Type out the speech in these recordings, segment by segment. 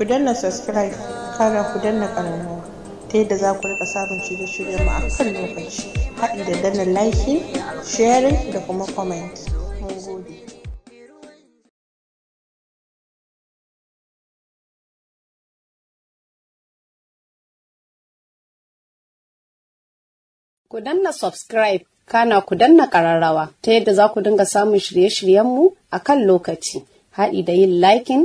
ku danna subscribe kara ku danna ƙararrawa ta yadda za ku rika samun shirye shiryen mu a kan lokaci haɗi da danna like sharing da kuma comment Ku danna subscribe kana ku danna kararrawa ta yadda za ku dinga samun shirye-shiryenmu a kan lokaci, haɗi da yin liking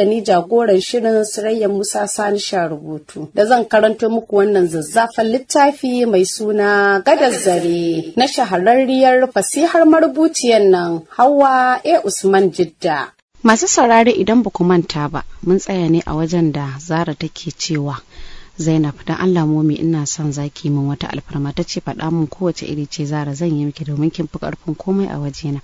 da ni jagoran shirin Sirayya Musa Sani sha rubutu da zan karanto muku wannan zazzafan littafi mai suna Gadar Zare na shahararriyar fasihar marubuciyar nan Hawa A Usman Jidda. Masu saurari idan ba ku manta ba mun tsaya ne a wajen da Zara take cewa zainab dan allah momi ina son zaki min wata alfarma ta ce faɗa min kowace iri ce zara zan yi miki domin kin fi ƙarfin komai a wajena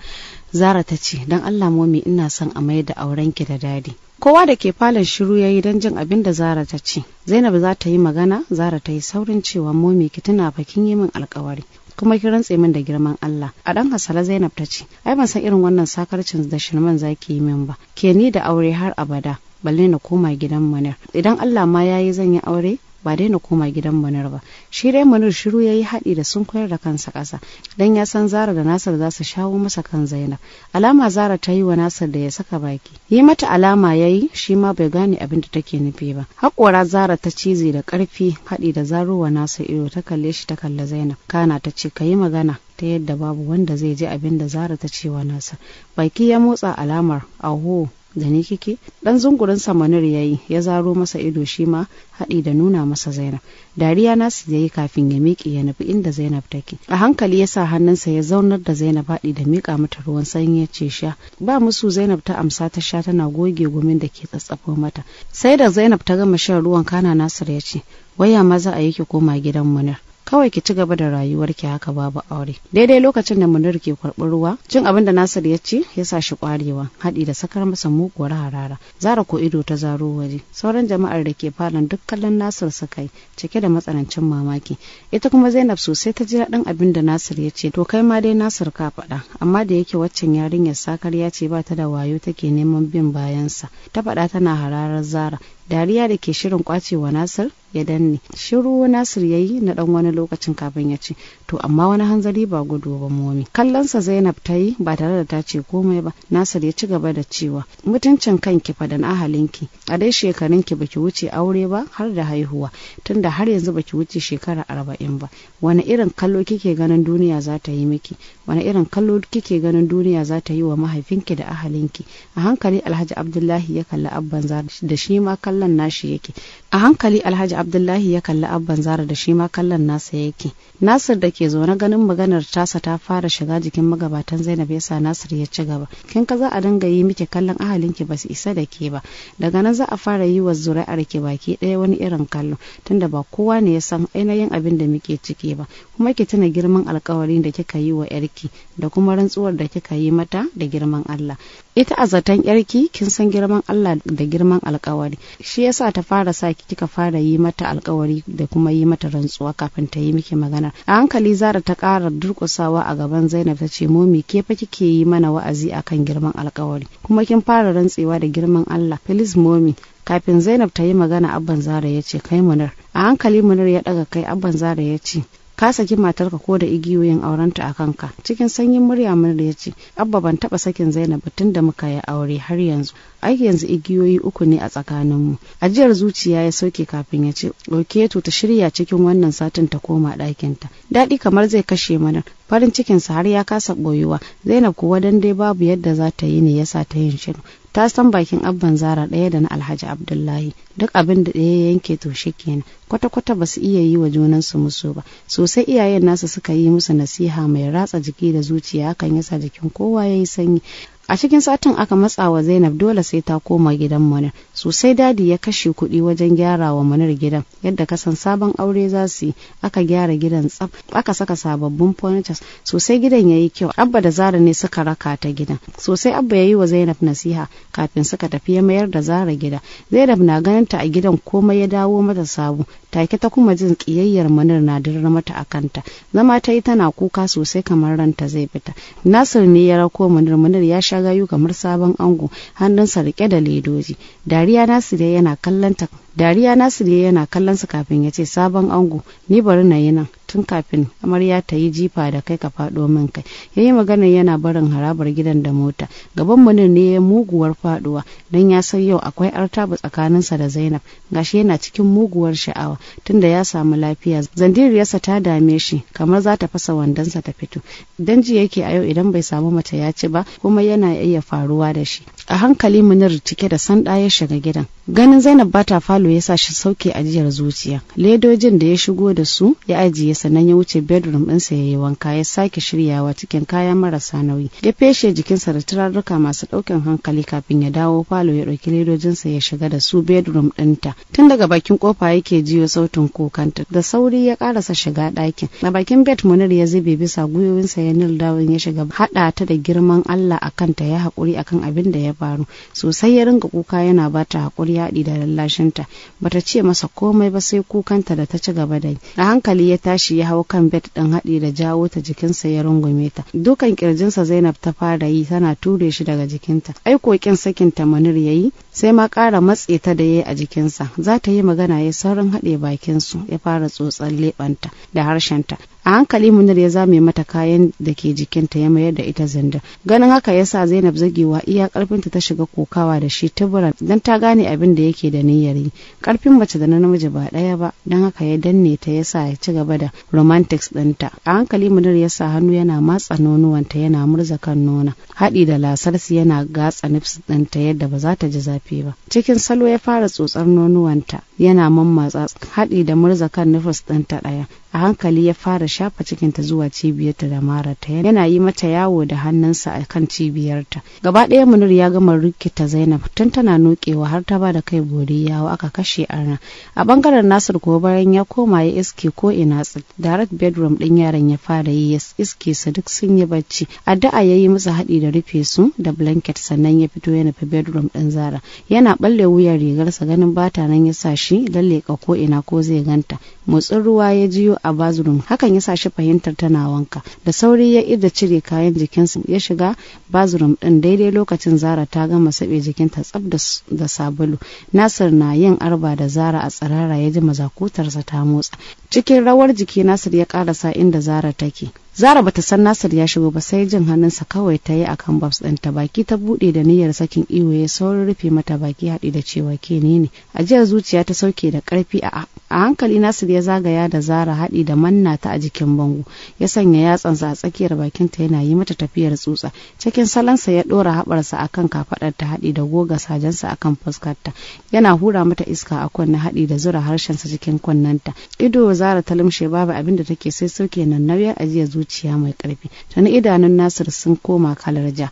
zara ta ce dan allah momi ina son a mai da aurenki da dadi kowa da ke falon shiru ya yi don jin abin da zara ta ce zainab za ta yi magana zara ta yi saurin cewa momi ki tuna fa kin yi min alkawari kuma ki rantse min da girman Allah a ɗan hasala Zainab ta ce ai ban san irin wannan sakarcin da shirman zaki yi min ba ke ni da aure har abada balle na koma gidan manar idan Allah ma yayi zan yi aure ba daina koma gidan munir ba shi dai munir shiru yayi yi haɗi da sun koyar da kansa ƙasa dan ya san zara da nasar za su shawo masa kan zainab alama zara ta yi wa nasar da ya saka baki yi mata alama yayi yi shi ma bai gane abin da take nufi ba haƙora zara ta cize da ƙarfi haɗi da zaruwa nasa ido ta kalle shi ta kalle zainab kana ta ce ka yi magana ta yadda babu wanda zai ji abin da zara ta ce wa nasa baki ya motsa alamar aho da ni kike dan zungurin samanir yayi ya zaro masa ido shi ma haɗi da nuna masa zainab dariya nasu da yi kafin ya miƙe ya nufi inda zainab take a hankali ya sa hannunsa ya zaunar da zainab haɗi da miƙa mata ruwan sanyi ya ce sha ba musu zainab ta amsa ta sha tana goge gumin da ke tsatsafo mata sai da zainab ta gama shan ruwan kana nasir ya ce waya ma za a yi ki koma gidan munar kawai ki ci gaba da rayuwarki haka babu aure daidai lokacin da munir ke karɓar ruwa Cin abin da nasir ya ci ya sa shi kwarewa haɗi da sakar masa muguwar harara zara ko ido ta zaro waje sauran jama'ar da ke falon duk kallon nasir su kai cike da matsanancin mamaki ita kuma zainab sosai ta ji daɗin abin da nasir ya ce to kai ma dai nasir ka faɗa amma da yake waccan yarinyar sakar ya ce ba ta da wayo take neman bin bayansa ta faɗa tana hararar zara dariya da ke shirin kwacewa nasir ya danne shiru nasir ya yi na dan wani lokacin kafin ya ce to amma wani hanzari ba gudu ba momi kallonsa zainab ta yi ba tare da ta ce komai ba nasir ya ci gaba da cewa mutuncin kanki fadan ahalinki a dai shekarun ki baki wuce aure ba har da haihuwa tunda har yanzu baki wuce shekara arba'in ba wani irin kallo kike ganin duniya za ta yi miki wani irin kallo kike ganin duniya za ta yi wa mahaifinki da ahalinki a hankali alhaji abdullahi ya kalli abban da shi ma kallon nashi yake a hankali alhaji abdullahi ya kalli abban zara da shi ma kallon nasa yake nasir da ke zaune ganin maganar tasa ta fara shiga jikin magabatan zainab ya sa nasir ya ci gaba kin ka za a dinga yi miki kallon ahalinki ba su isa da ke ba daga nan za a fara yi wa zuri'ar ki baki ɗaya wani irin kallo tunda ba kowa ne ya san ainihin abin da muke ciki ba kuma ki tuna girman alkawarin da kika yi wa yarki da kuma rantsuwar da kika yi mata da girman Allah ita a zaton yarki kin san girman Allah da girman alkawari shi yasa ta fara sa kika fara yi mata alkawari da kuma yi mata rantsuwa kafin ta yi miki magana a hankali zara ta ƙara durƙusawa a gaban zainab ta ce momi ke fa kike yi mana wa'azi akan girman alkawari kuma kin fara rantsewa da girman allah filis momi kafin zainab ta yi magana abban zara ya ce kai munar a hankali munar ya ɗaga kai abban zara ya ce ka saki matarka ko da igiyoyin aurenta a kanka cikin sanyin murya munar ya ce abba ban taɓa sakin zainab tun da muka yi aure har yanzu ai yanzu igiyoyi uku ne a tsakaninmu ajiyar zuciya ya sauke kafin ya ce ɗauke to ta shirya cikin wannan satin ta koma ɗakinta daɗi kamar zai kashe mana farin cikinsa har ya kasa ɓoyuwa zainab kuwa dan dai babu yadda za ta yi ne ya sa ta yin shiru ta san bakin abban zara ɗaya da na alhaji abdullahi duk abin da ɗaya yanke to shi kenan kwata-kwata ba su iya yi wa junansu musu ba sosai iyayen nasu suka yi musu nasiha mai ratsa jiki da zuciya hakan yasa jikin kowa ya yi sanyi a cikin satin aka matsa wa zainab dole sai ta koma gidan manar sosai dadi ya kashe kuɗi wajen gyara wa munir gidan yadda kasan sabon aure za su yi aka gyara gidan tsaf aka saka sababbin furnitures sosai gidan ya yi kyau abba da zara ne suka raka ta gidan sosai abba ya yi wa zainab nasiha kafin suka tafi ya mayar da zara gida zainab na ganin ta a gidan komai ya dawo mata sabo take ta kuma jin kiyayyar munir na dirar mata a kanta zama ta yi tana kuka sosai kamar ranta zai fita nasir ne ya rako munir. Munir ya sha shagayu kamar sabon ango hannunsa rike da ledoji dariya nasu dai yana kallon dariya nasir ya yana kallon su kafin ya ce sabon ango ni bari na yi nan tun kafin amarya ta yi jifa da kai ka faɗo min kai ya yi magana yana barin harabar gidan da mota gaban mu ne ya muguwar faɗuwa don ya san yau akwai artabu tsakaninsa da zainab gashi yana cikin muguwar sha'awa tunda ya samu lafiya zandiriyarsa ta dame shi kamar za ta fasa wandonsa ta fito dan ji yake a yau idan bai samu mace ya ci ba kuma yana iya faruwa da shi a hankali munir cike da sanda ya shiga gidan ganin zainab bata falo ya sa shi sauke ajiyar zuciya ledojin da ya shigo da su ya ajiye sannan ya wuce bedroom ɗinsa ya yi wanka ya sake shiryawa cikin kaya marasa nauyi ya feshe jikinsa da turarruka masu ɗaukan hankali kafin ya dawo falo ya ɗauki ledojinsa ya shiga da su bedroom ɗinta tun daga bakin kofa yake jiyo sautin kokanta da sauri ya karasa shiga ɗakin a bakin bed munir ya zube bisa gwiwoyinsa ya nil dawon ya shiga haɗa ta da girman allah a kanta ya haƙuri akan abin da ya faru sosai ya ringa kuka yana ba ta hakuri haɗi da lallashinta bata ce masa komai ba sai kukanta da ta ci gaba da yi a hankali ya tashi ya hau kan bed ɗin haɗi da jawo ta jikinsa ya rungume ta dukan ƙirjinsa zainab ta fara yi tana ture shi daga jikinta ai kokin sakin ta manir yi, sai ma ƙara matse ta da yayi a jikinsa za ta yi magana ya saurin haɗe bakinsu ya fara tsotsar leɓanta da harshenta a hankali munir ya zame mata kayan da ke jikinta ya mayar da ita zanda ganin haka ya sa zainab zagewa iya karfinta ta shiga kokawa da shi tubura don ta gane abin da yake da niyyar yi karfin mace da na namiji ba ɗaya ba don haka ya danne ta ya sa ya ci gaba da romantics ɗinta a hankali munir ya sa hannu yana matsa nonuwanta yana murza kan nona haɗi da lasarsu yana gatsa nips ɗinta yadda ba za ta ji zafi ba cikin salo ya fara tsotsar nonuwanta yana mammatsa haɗi da murza kan nufus ɗinta ɗaya a hankali ya fara shafa cikinta zuwa cibiyarta da marata yana yi mata yawo da hannunsa a kan cibiyarta gaba ɗaya munir ya gama rikita zainab tun tana nokewa har ta ba da kai bori yawo aka kashe arna a bangaren nasir ko bayan ya koma ya iske ko ina direct bedroom ɗin yaran ya fara yi ya iske su duk sun yi bacci addu'a ya yi musu haɗi da rufe su da blanket sannan ya fito ya nufi bedroom ɗin zara yana ɓalle wuyan rigarsa ganin bata nan ya sa shi lalle ko ina ko zai ganta motsin ruwa ya jiyo a bathroom hakan ya sa shi fahimtar tana wanka da sauri ya ida cire kayan jikinsa ya shiga bathroom din daidai lokacin zara ta gama saɓe jikinta tsab da sabulu nasir na yin arba da zara a tsirara ya ji mazakutarsa ta motsa cikin rawar jiki nasir ya karasa inda zara take zara bata san nasir ya shigo ba sai jin hannunsa kawai ta yi a kan babs ɗin ta baki ta buɗe da niyyar sakin iwo ya saurin rufe mata baki haɗi da cewa ke ne ne ajiyar zuciya ta sauke da ƙarfi a a hankali nasir ya zagaya da zara haɗi da manna ta a jikin bango ya sanya yatsansa a tsakiyar bakinta yana yi mata tafiyar tsutsa cikin salansa ya ɗora haɓarsa a akan ta haɗi da goga sajensa kan fuskarta yana hura mata iska a kunne haɗi da zura harshensa cikin kunnenta ido zara ta lumshe babu abin da take sai sauke nan nauyar ajiyar zuciya zuciya mai karfi tuni idanun nasir sun koma kalar ja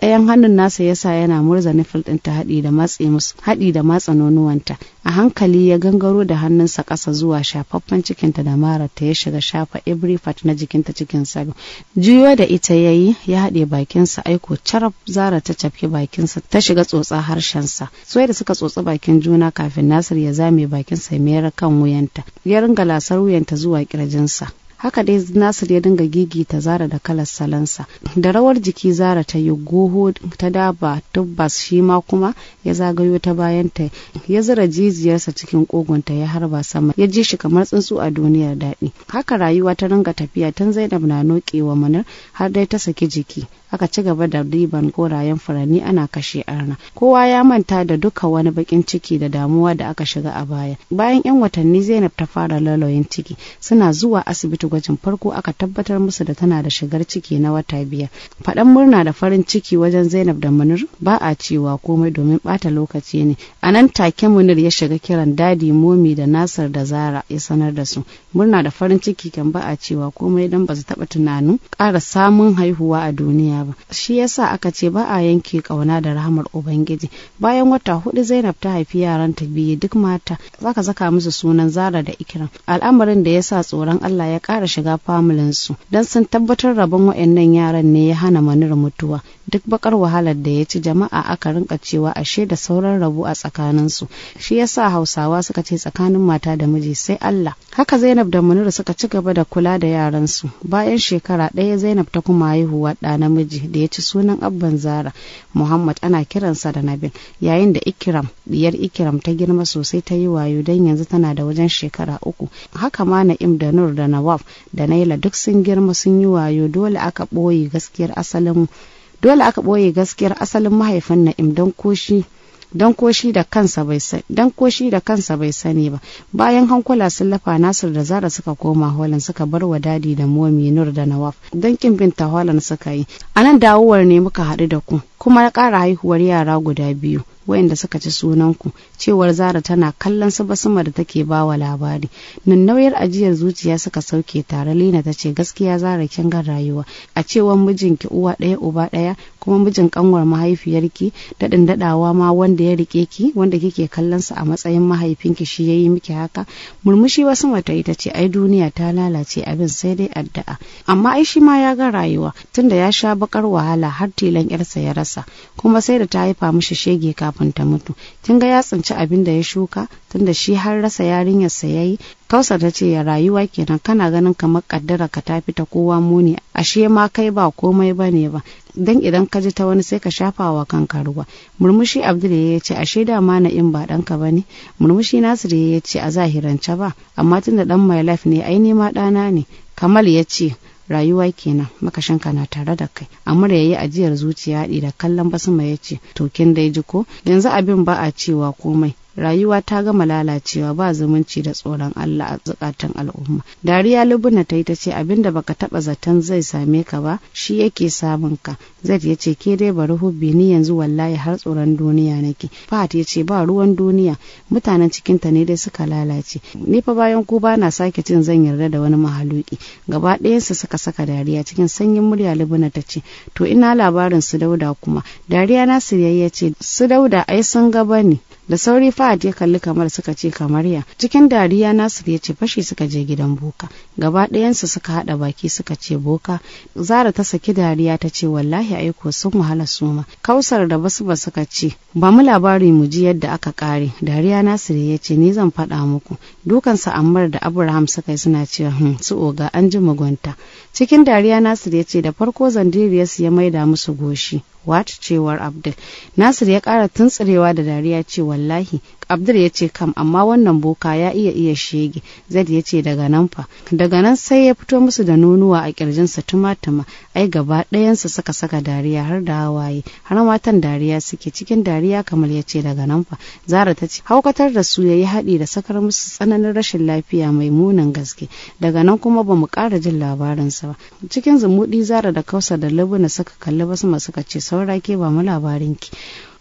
ɗayan hannun nasa yasa yana murza nufil ɗinta haɗi da matse haɗi da matsa nonuwanta a hankali ya gangaro da hannunsa ƙasa zuwa shafaffen cikinta da ta ya shiga shafa every part na jikinta cikin salo juyo da ita ya yi ya haɗe bakinsa aiko carab zara ta cafke bakinsa ta shiga tsotsa harshensa sai da suka tsotsi bakin juna kafin nasir ya zame bakinsa mayar kan wuyanta ya ringa lasar wuyanta zuwa kirjinsa haka dai nasir ya dinga gigi ta zara da kalar salansa da rawar jiki zara ta yi goho ta daba tabbas shi ma kuma ya zagayo ta bayanta ya zira jijiyarsa cikin kogonta ya harba sama ya ji shi kamar tsuntsu a duniyar daɗi haka rayuwa ta ringa tafiya tun zainab na nokewa manar har dai ta saki jiki aka ci gaba da riban korayen furanni ana kashe arna kowa ya manta da duka wani bakin ciki da damuwa da aka shiga a baya bayan yan watanni zainab ta fara lalayin ciki suna zuwa asibiti gwajin farko aka tabbatar musu da tana da shigar ciki na wata biyar faɗan murna da farin ciki wajen zainab da munir ba a cewa komai domin bata lokaci ne a nan take munir ya shiga kiran dadi momi da nasir da zara ya sanar da su murna da farin ciki kan ba a cewa komai don ba su taɓa tunanin ƙara samun haihuwa a duniya ba shi yasa aka ce ba a yanke kauna da rahamar ubangiji bayan wata hudu zainab ta haifi yaran ta biyu duk mata zaka zaka musu sunan zara da ikiram al'amarin da yasa tsoron allah ya kara shiga familin su dan sun tabbatar rabon wa'annan yaran ne ya hana manir mutuwa duk bakar wahalar da ya ci jama'a aka rinka cewa ashe da sauran rabu a tsakaninsu shi yasa hausawa suka ce tsakanin mata da miji sai Allah haka Zainab da Munir suka ci gaba da kula da yaransu bayan shekara ɗaya Zainab ta kuma haihuwa ɗa namiji da ya ci sunan abban Zara Muhammad ana kiransa da Nabil yayin da Ikram diyar Ikram ta girma sosai ta yi wayo dan yanzu tana da wajen shekara uku haka ma Na'im da Nur da Nawaf da Naila duk sun girma sun yi wayo dole aka ɓoye gaskiyar asalin dole aka ɓoye gaskiyar asalin mahaifin na'im don koshi don koshi da kansa bai don koshi da kansa bai sani ba bayan hankula sun lafa nasir da zara suka koma holland suka bar wa dadi da momi nur da nawaf don kin binta holland suka yi anan dawowar ne muka haɗu da ku kuma ya ƙara haihuwar yara guda biyu wayanda suka ci sunanku cewar zara tana kallon su basuma da take bawa labari nan nauyar ajiyar zuciya suka sauke tare lina ta ce gaskiya zara kin ga rayuwa a cewar mijinki uwa ɗaya uba ɗaya kuma mijin kanwar mahaifiyarki daɗin daɗawa ma wanda ya rike ki wanda kike kallon sa a matsayin mahaifinki shi yayi miki haka murmushi wasu mata ita ce ai duniya ta lalace abin sai dai addu'a amma ai shi ma ya ga rayuwa tunda ya sha baƙar wahala har tilan yarsa ya rasa kuma sai da ta haifa mishi shege kafin kafin ta mutu kin ga ya tsinci abin da ya shuka tunda shi har rasa yarinyar sa yayi kausar ta ce ya rayuwa kenan kana ganin kamar kaddara ka tafi ta kowa muni ashe ma kai ba komai bane ba dan idan ka ji ta wani sai ka shafa wa kanka ruwa murmushi abdul ya ce ashe da ma na in ba danka bane murmushi nasiru ya ce a zahirance ba amma tunda dan my life ne ai ma dana ne kamal ya ce rayuwa kenan makashinka na tare da kai amur ya yayi ajiyar zuciya haɗi da kallon basuma ya ce to kin dai ji ko yanzu abin ba a cewa komai rayuwa ta gama lalacewa ba zumunci da tsoron Allah a zukatan al'umma dariya lubuna ta yi ta ce abinda baka taba zaton zai same ka ba shi yake samun ka zai ya ce ke dai bari hubbi ni yanzu wallahi har tsoron duniya nake fahad ya ce ba ruwan duniya mutanen cikin ta ne dai suka lalace ni fa bayan ku ba na sake cin zan yarda da wani mahaluki gaba ɗayansu suka saka dariya cikin sanyin murya lubuna ta ce to ina labarin su dauda kuma dariya na siriyayya ce su dauda ai sun gaba ne da sauri fahad ya kalli kamar suka ce kamar ya cikin dariya nasir ya ce fashi suka je gidan boka gaba ɗayansu suka haɗa baki suka ce boka zara ta saki dariya ta ce wallahi aiko sun wahala suma kausar da basu ba suka ce ba mu labari mu ji yadda aka kare dariya nasir ya ce ni zan faɗa muku Dukansu ammar da abraham suka yi suna cewa hun, hmm, su oga an ji mugunta cikin dariya nasir ya ce da farko zandiriyarsu ya maida musu goshi what cewar abdul nasir ya kara tuntsirewa da dariya ce wallahi abdul ya ce kam amma wannan boka ya iya iya shege Zai ya ce daga nan fa daga nan sai ya fito musu da nonuwa a kirjinsa tumatuma ai gaba ɗayansa suka saka dariya har da hawaye har matan dariya suke cikin dariya kamar ya ce daga nan fa zara ta ce haukatar da su ya yi haɗi da sakar musu tsananin rashin lafiya mai munin gaske daga nan kuma ba mu ƙara jin labarinsa ba cikin zumuɗi zara da kausa da labuna suka kalli basma suka ce saura ke ba mu labarin ki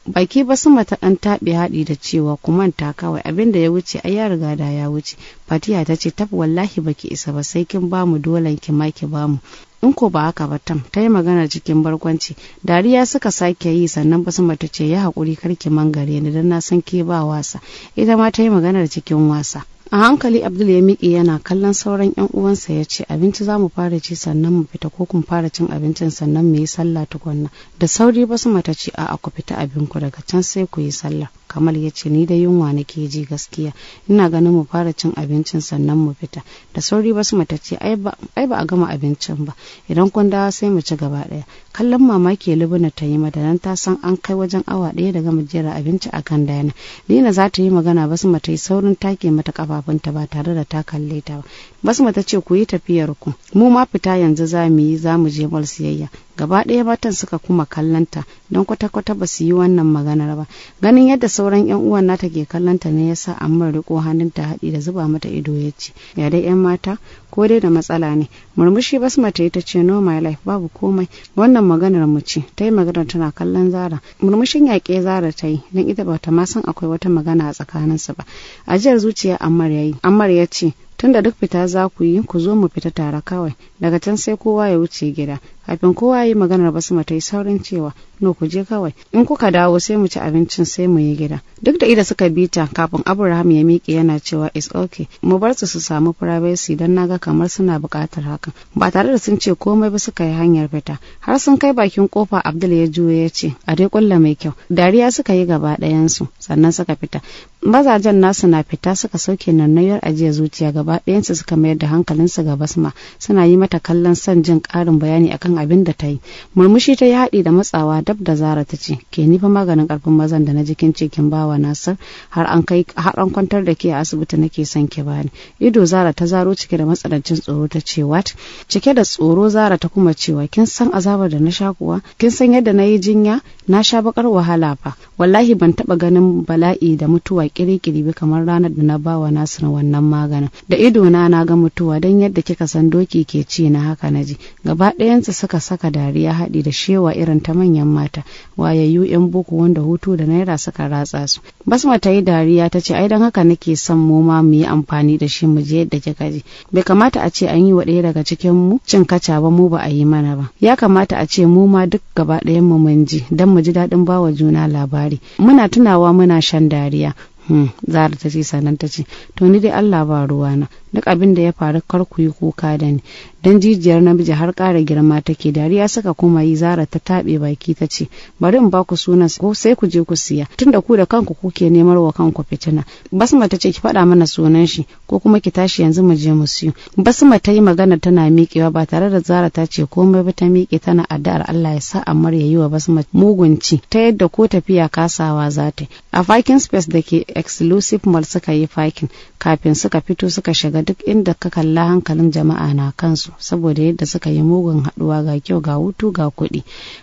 baki ba su mata an taɓe haɗi da cewa ku manta kawai abin da ya wuce ai ya riga da ya wuce fatiya ta ce tab wallahi baki isa ba sai kin bamu dolan ki ma ki bamu in ko ba haka ba tam ta yi magana cikin barkwanci dariya suka sake yi sannan su mata ce ya haƙuri karki mangare ni don na san ke ba wasa ita ma ta yi maganar cikin wasa a hankali abdul ya miƙe yana kallon sauran yan uwansa ya ce abinci za mu fara ci sannan mu fita ko kun fara cin abincin sannan mu yi sallah tukunna da sauri ba su mata ce a'a ku fita abinku daga can sai ku yi sallah kamal ya ce ni da yunwa na ke ji gaskiya ina ganin mu fara cin abincin sannan mu fita da sauri su mata ce ai ba a gama abincin ba idan kun dawo sai mu ci gaba daya kallon mamaki libina ta yi madanan ta san an kai wajen awa daya daga mujera abinci a kan dana nina za ta yi magana basu mata yi saurin take mata kafafunta ba tare da ta kalle ta ba basu mata ce ku yi tafiyar ku mu ma fita yanzu za mu yi za mu je mal siyayya gaba ɗaya matan suka kuma kallanta don kwata-kwata ba su yi wannan maganar ba ganin yadda sauran yan uwan nata ke kallanta ne yasa amma riko ta haɗi da zuba mata ido ya ce ya dai yan mata ko dai da matsala ne murmushi basu mata ita ce no my life babu komai wannan maganar mu ce ta yi maganar tana kallon zara murmushin yaƙe zara ta yi don ita ba ta ma san akwai wata magana a tsakaninsu ba ajiyar zuciya ammar ya yi ammar ya ce da duk fita za ku yi ku zo mu fita tare kawai daga can sai kowa ya wuce gida kafin kowa ya yi maganar basma ta yi saurin cewa no ku je kawai in kuka dawo sai mu ci abincin sai mu yi gida duk da ida suka bita, kafin abraham ya miƙe yana cewa is ok mu bar su su samu privacy don naga kamar suna buƙatar hakan ba tare da sun ce komai ba suka yi hanyar fita har sun kai bakin kofa abdul ya juya ya ce a dai kulla mai kyau dariya suka yi gaba ɗayansu sannan suka fita mazajen nasu na fita suka sauke nannayar ajiya zuciya gaba ɗayansu suka mayar da hankalinsu ga basma suna yi mata kallon son jin ƙarin bayani akan abin da ta yi murmushi ta yi haɗi da matsawa dab da zara ta ce ke nifa maganin ƙarfin mazan da na jikin cikin bawa nasir har an kai har an kwantar da ke a asibiti nake son ki bani ido zara ta zaro cike da matsanancin tsoro ta ce wat cike da tsoro zara ta kuma cewa kin san azabar da na sha kuwa kin san yadda na yi jinya na sha bakar wahala fa wallahi ban taɓa ganin bala'i da mutuwa kirikiri ba kamar ranar da na ba wa Nasir wannan maganin da ido na na ga mutuwa don yadda kika san doki ke ci na haka na ji gaba ɗayansu suka saka dariya haɗi da shewa irin ta manyan mata wayayyu yan boko wanda hutu da naira suka ratsa su basma ta yi dariya ta ce ai dan haka nake son mu ma mu yi amfani da shi mu je yadda kika ji bai kamata a ce an yi wa ɗaya daga cikin mu cin kaca ba mu ba a yi mana ba ya kamata a ce mu ma duk gaba ɗayan mu mun ji dan mu ji daɗin bawa juna labari muna tunawa muna shan dariya Hmm. zara ta ce sanan ta ce to ni dai allah ba na. duk abin da ya faru kar ku yi kuka da ni dan jijiyar namiji har ƙara girma take dariya suka kuma yi zara ta taɓe baki ta ce bari in baku sunan ko sai ku je ku siya tunda ku da kanku kuke nemar wa kanku fitina basma ta ce ki faɗa mana sunan shi ko kuma ki tashi yanzu mu je mu siyo basma ta yi magana tana miƙewa ba tare da zara ta ce komai ba ta miƙe tana addu'ar Allah ya sa amar ya yi wa basma mugunci ta yadda ko tafiya kasawa za ta a fakin space da ke exclusive mall suka yi fakin kafin suka fito suka shiga duk inda ka kalla hankalin jama'a na kansu saboda yadda suka yi mugun haɗuwa ga kyau ga hutu ga kuɗi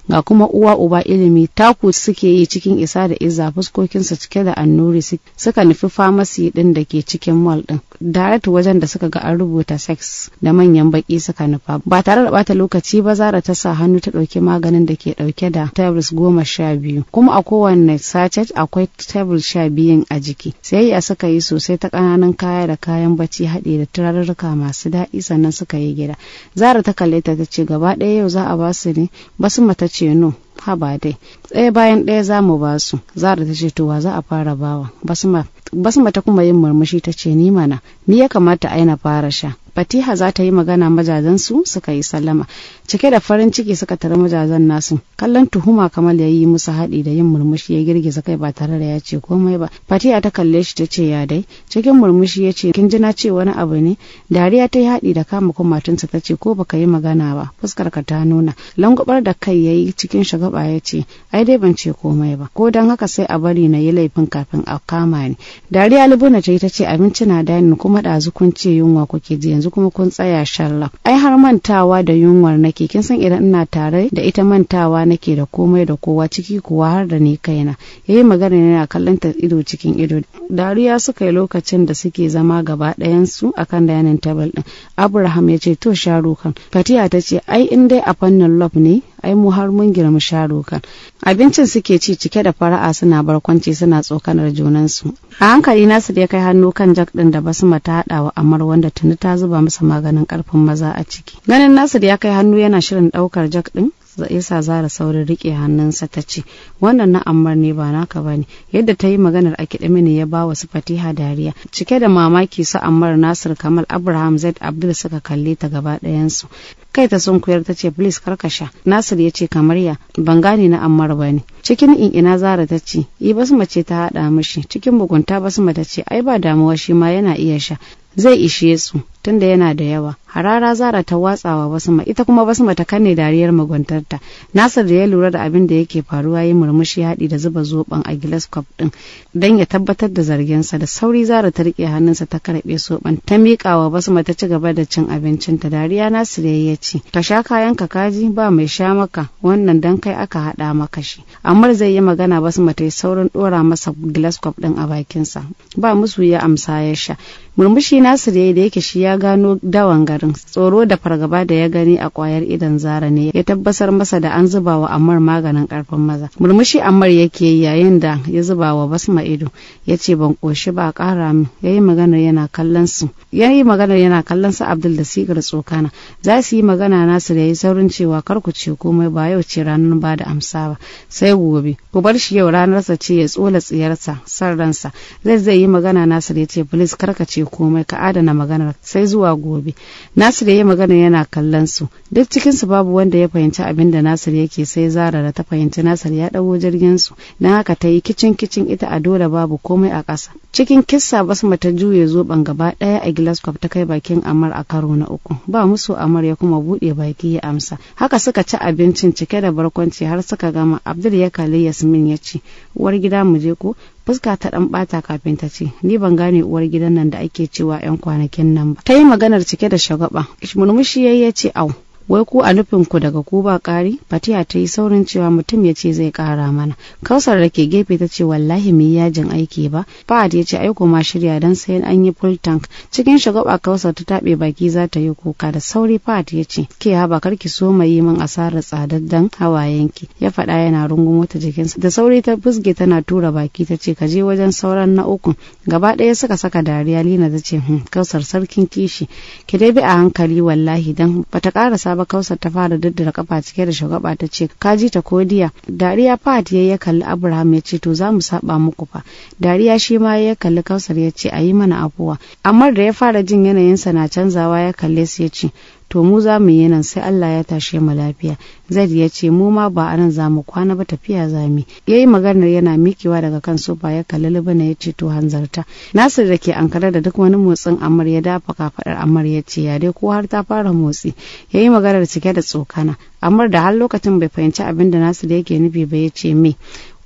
ga kuma uwa uba ilimi taku suke yi cikin isa da izza fuskokinsu cike da annuri suka nufi famasi ɗin da ke cikin mall ɗin daratu wajen da suka ga an rubuta sex da manyan baki suka nufa ba tare da bata lokaci ba zara ta sa hannu ta ɗauki maganin da ke ɗauke da tables goma sha biyu kuma a kowane sachet akwai tables sha biyun a jiki sayayya suka yi sosai ta ƙananan kaya da kayan bacci haɗe da turarruka masu daɗi sannan suka yi gida zara ta kalle ta ta ce gaba ɗaya yau za a basu ne basu mata ce no haba dai ɗaya bayan ɗaya za mu ba su zara ta ce to wa za a fara bawa basma basma ta kuma yin murmushi ta ce ni mana ni ya kamata a na fara sha fatiha za ta yi magana majajen su suka yi sallama cike da farin ciki suka tara majajen nasu kallon tuhuma kamal ya yi musu haɗi da yin murmushi ya girgiza kai ba tare da ya ce komai ba fatiha ta kalle shi ta ce ya dai cikin murmushi ya ce kin ji na ce wani abu ne dariya ta yi haɗi da kama kumatunsa ta ce ko baka yi magana ba fuskar ka ta nuna langubar da kai ya yi cikin shagaba ya ce ai dai ban ce komai ba ko don haka sai a bari na yi laifin kafin a kama ni dariya libuna ta yi ta ce abinci na dani kuma ɗazu kun ce yunwa kuke ji yanzu kuma kun tsaya sharlak ai har mantawa da yunwar nake kin san idan ina tare da ita mantawa nake da komai da kowa ciki kuwa har da ni kaina yayi magana yana kallon ta ido cikin ido dariya suka yi lokacin da suke zama gaba ɗayan su akan dayanin tabal din abraham ya ce to sharukan fatiya ta ce ai in dai a fannin love ne ai mu har mun girma sharukan abincin suke ci cike da fara'a suna barkwanci suna tsokanar junansu a hankali nasu da ya kai hannu kan jak din da basma mata haɗawa amar wanda tuni ta zuba zuba masa maganin karfin maza a ciki ganin nasir ya kai hannu yana shirin daukar jak din yasa zara saurin rike hannunsa ta ce wannan na ammar ne ba naka ba ne yadda ta yi maganar a kiɗi ya ba su fatiha dariya cike da mamaki su ammar nasir kamal abraham zaid abdul suka kalle ta gaba ɗayansu kai ta sun koyar ta ce please karkasha nasir ya ce kamar ya ban gane na ammar ba ne cikin ina zara ta ce yi basu mace ta haɗa mishi cikin bugunta basu mace ce ai ba damuwa shi ma yana iya sha zai ishe su tunda yana da yawa harara zara ta watsawa basma ita kuma basma ta kanne dariyar magwantarta nasir da ya lura da abin da yake faruwa ya murmushi haɗi da zuba zoben a gilas kwaf ɗin don ya tabbatar da zarginsa da sauri zara ta riƙe hannunsa ta karɓe soɓan ta miƙawa basma ta ci gaba da cin abincin ta. dariya nasir ya ce ka sha kayan ka kaji ba mai sha maka wannan dan kai aka haɗa maka shi amar zai yi magana basma ta yi saurin ɗora masa gilas kwaf ɗin a bakinsa ba musu ya amsa ya sha murmushi nasir ya da yake shi ya ya gano dawan garin tsoro da fargaba da ya gani a kwayar idan zara ne ya tabbasar masa da an zuba wa ammar maganin karfin maza murmushi amar yake yi yayin da ya zuba wa basma ido ya ce ban koshi ba kara min ya yi maganar yana kallon su ya yi maganar yana kallon su abdul da sigar tsokana za su yi magana da ya yi saurin cewa kar ku ce komai ba yau ce ranar ba da amsa ba sai gobe ku bar shi yau ranarsa ce ya tsola tsiyarsa san ransa zai zai yi magana da ya ce please kar ka ce komai ka adana maganar sai sai zuwa gobe nasir ya yi magana yana kallon su duk cikin su babu wanda ya fahimci abin da nasir yake sai zara da ta fahimci nasir ya dawo jirgin su dan haka ta yi kicin kicin ita a dole babu komai a ƙasa cikin kissa basma ta juye zoben gaba ɗaya a glasgow ta kai bakin amar a karo na uku ba musu amar ya kuma buɗe baki ya amsa haka suka ci abincin cike da barkwanci har suka gama abdul ya kalli yasmin ya ce uwar gida mu je ko fuska ta dan bata kafin ta ce ni ban gane uwar gidan nan da ake cewa yan kwanakin nan ba ta yi maganar cike da shagaba murmushi yayi ya ce au wai ku a nufin ku daga ku ba ƙari fatiya ta yi saurin cewa mutum ya ce zai ƙara mana kausar da ke gefe ta ce wallahi mai yajin aiki ba fahad ya ce aiko ma shirya don sayan an yi full tank cikin shagaba kausar ta taɓe baki za ta yi kuka da sauri fahad ya ce ke haba kar ki so mai yi min asarar tsadaddan hawayenki ya faɗa yana rungumo ta jikinsa da sauri ta fusge tana tura baki ta ce ka je wajen sauran na uku gaba ɗaya suka saka dariya lina ta ce hmm, kausar sarkin kishi ki dai bi a hankali wallahi ba ta ƙarasa ba kausar ta fara daddara kafa cike da shugaba ta ce ka ji ta kodiya dariya fat ya ya kalli abraham ya ce to za mu saba muku fa dariya shi ma ya kalli kausar ya ce a yi mana afuwa amma da ya fara jin yanayinsa na canzawa ya kalle su ya ce to mu za mu yi nan sai Allah ya tashe mu lafiya zaid ya ce mu ma ba anan za mu kwana ba tafiya za mu yi maganar yana mikewa daga kan sofa ya kalli libana ya ce to hanzarta nasir da ke ankara da duk wani motsin amar ya dafa kafadar amar ya ce ya dai ko har ta fara motsi yayi maganar cike da tsokana amar da har lokacin bai fahimci abin da nasir yake nufi ba ya ce me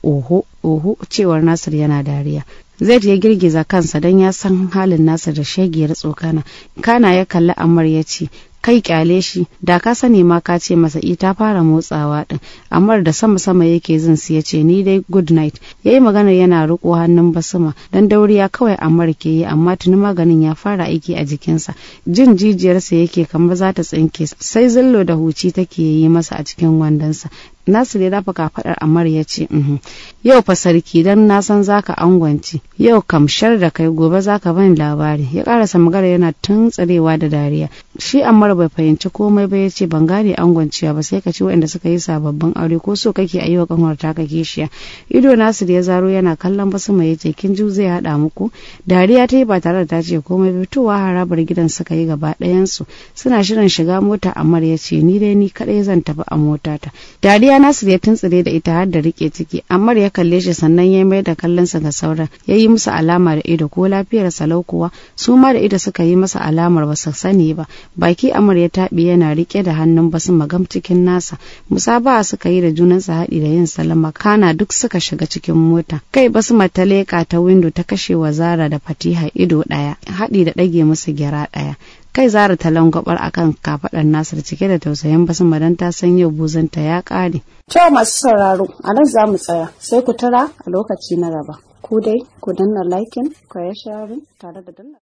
oho oho cewar nasir yana dariya zaid ya girgiza kansa don ya san halin nasir da shagiyar tsokana kana ya kalli amar ya ce kai kyale shi da ka sani ma ka ce masa i ta fara motsawa din amma da sama sama yake zin su yace ni dai good night yayi magana yana riko hannun basuma dan dauriya kawai amar ke yi amma tuni maganin ya fara aiki a jikinsa jin jijiyarsa yake kamar za ta tsinke sai zillo da huci take yi masa a cikin wandonsa Nasir ya dafa kafaɗar Amar ya ce, Yau fa sarki don na san zaka angwanci, yau kamshar da kai gobe za ka bani labari. Ya ƙarasa magana yana tun tsarewa da dariya. Shi Amar bai fahimci komai ba ya ce ban gane angwanciya ba sai ka ci waɗanda suka yi sababbin aure ko so kake a yi wa kanwar ta kishiya Ido Nasir ya zaro yana kallon basu mai ce kin ji zai haɗa muku. Dariya ta yi ba tare da ta ce komai ba fitowa harabar gidan suka yi gaba ɗayansu. Suna shirin shiga mota Amar ya ce ni dai ni kaɗai zan tafi a motata. Dariya ya nasu ya tuntsire da ita har da rike ciki ammar ya kalle shi sannan ya mai da kallonsa ga sauran ya yi musu alama da ido ko lafiyar salau kuwa su ma da ido suka yi masa alamar ba su sani ba baki amur ya taɓi yana rike da hannun basu magam cikin nasa ba suka yi da junan sa haɗi da yin salama kana duk suka shiga cikin mota kai basu mataleka ta windo ta kashe wa zara da fatiha ido ɗaya haɗi da ɗage musu gyara ɗaya kai zara ta a akan kafaɗar nasir cike da tausayin basu don ta san yau buzanta ya ƙare. cewa masu sauraro a nan za mu tsaya sai ku tara a lokaci na raba ku dai ku danna liking ku ya sharing tare da danna